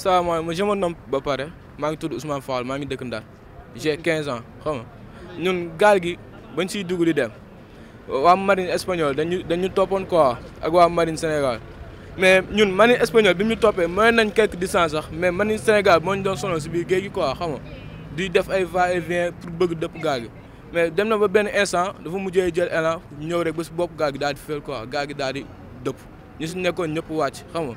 salaamaaleykum je me nomme ba pare maa ngi tudd Ousmane Fall maa ngi dëkk Ndar j'ai 15 ans xam nga ñun gaal gi bañ siy dugg di dem waa marine espagnole dañu dañu toppoon quoi ak waa marine Sénégal mais ñun marine espagnole bi ñu toppee mooy nañ quelque distance sax mais marine Sénégal moo ñu doon sonal si biir géej gi quoi xam nga di def ay va et pour bëgg dëpp gaal gi mais dem na ba benn instant dafa mujjee jël élan ñëw rek ba si bopp gaal gi daal di fël quoi gaal gi daal di dëpp ñu si nekkoon ñëpp wàcc xam nga.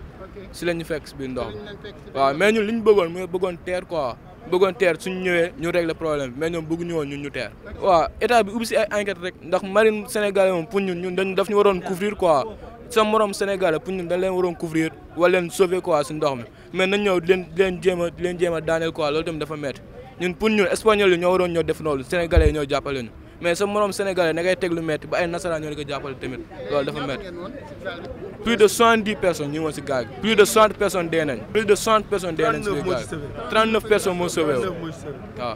si la ñu fekk si biir ndox mi waaw mais ñun li ñu bëggoon mu bëggoon teer quoi bëggoon teer suñu ñëwee ñu régler problème bi mais ñoom bëgguñu woon ñun ñu teer waaw état bi ubbi si ay rek ndax marine sénégalais moom pour ñun ñun dañ daf ñu waroon couvrir quoi sa morom sénégalais pour ñun dañ leen waroon couvrir wala leen sauver quoi si ndox mi mais nañ ñëw leen leen jéem a leen jéem a daaneel quoi loolu tamit dafa métti ñun pour ñun espagnol yi ñoo waroon ñoo def loolu sénégalais yi ñoo mais sa morom sénégalais da ngay teg lu métti ba ay nasaraan ñoo di ko jàppale tamit loolu dafa métti plus de soixante dix personnes ñu ngi si gaal plus de soixante personnes dee nañ plus de soixante personnes nañ si gaal 39 personnes moo sauvé waaw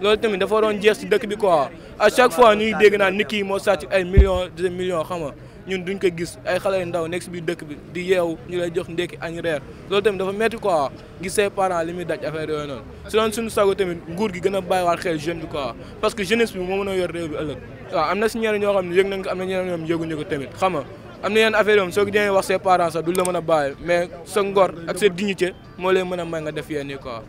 loolu dafa doon jeex si dëkk bi quoi à chaque fois ñuy dégg naan nit millions moo sàcc ay millions de millions xam nga ñun duñ ko gis ay xale yu ndaw millions bi dëkk bi di yeewu ñu lay jox reer dafa quoi parents li daj affaire yooyu noonu su doon suñu sago tamit nguur gi quoi parce que jeunesse bi moo mën a yor réew bi ne yëg nañ ko am na ñeneen tamit xam nga am na affaire yoom soo ko wax parents la mais sa ngor ak sa dignité moo lay mën a quoi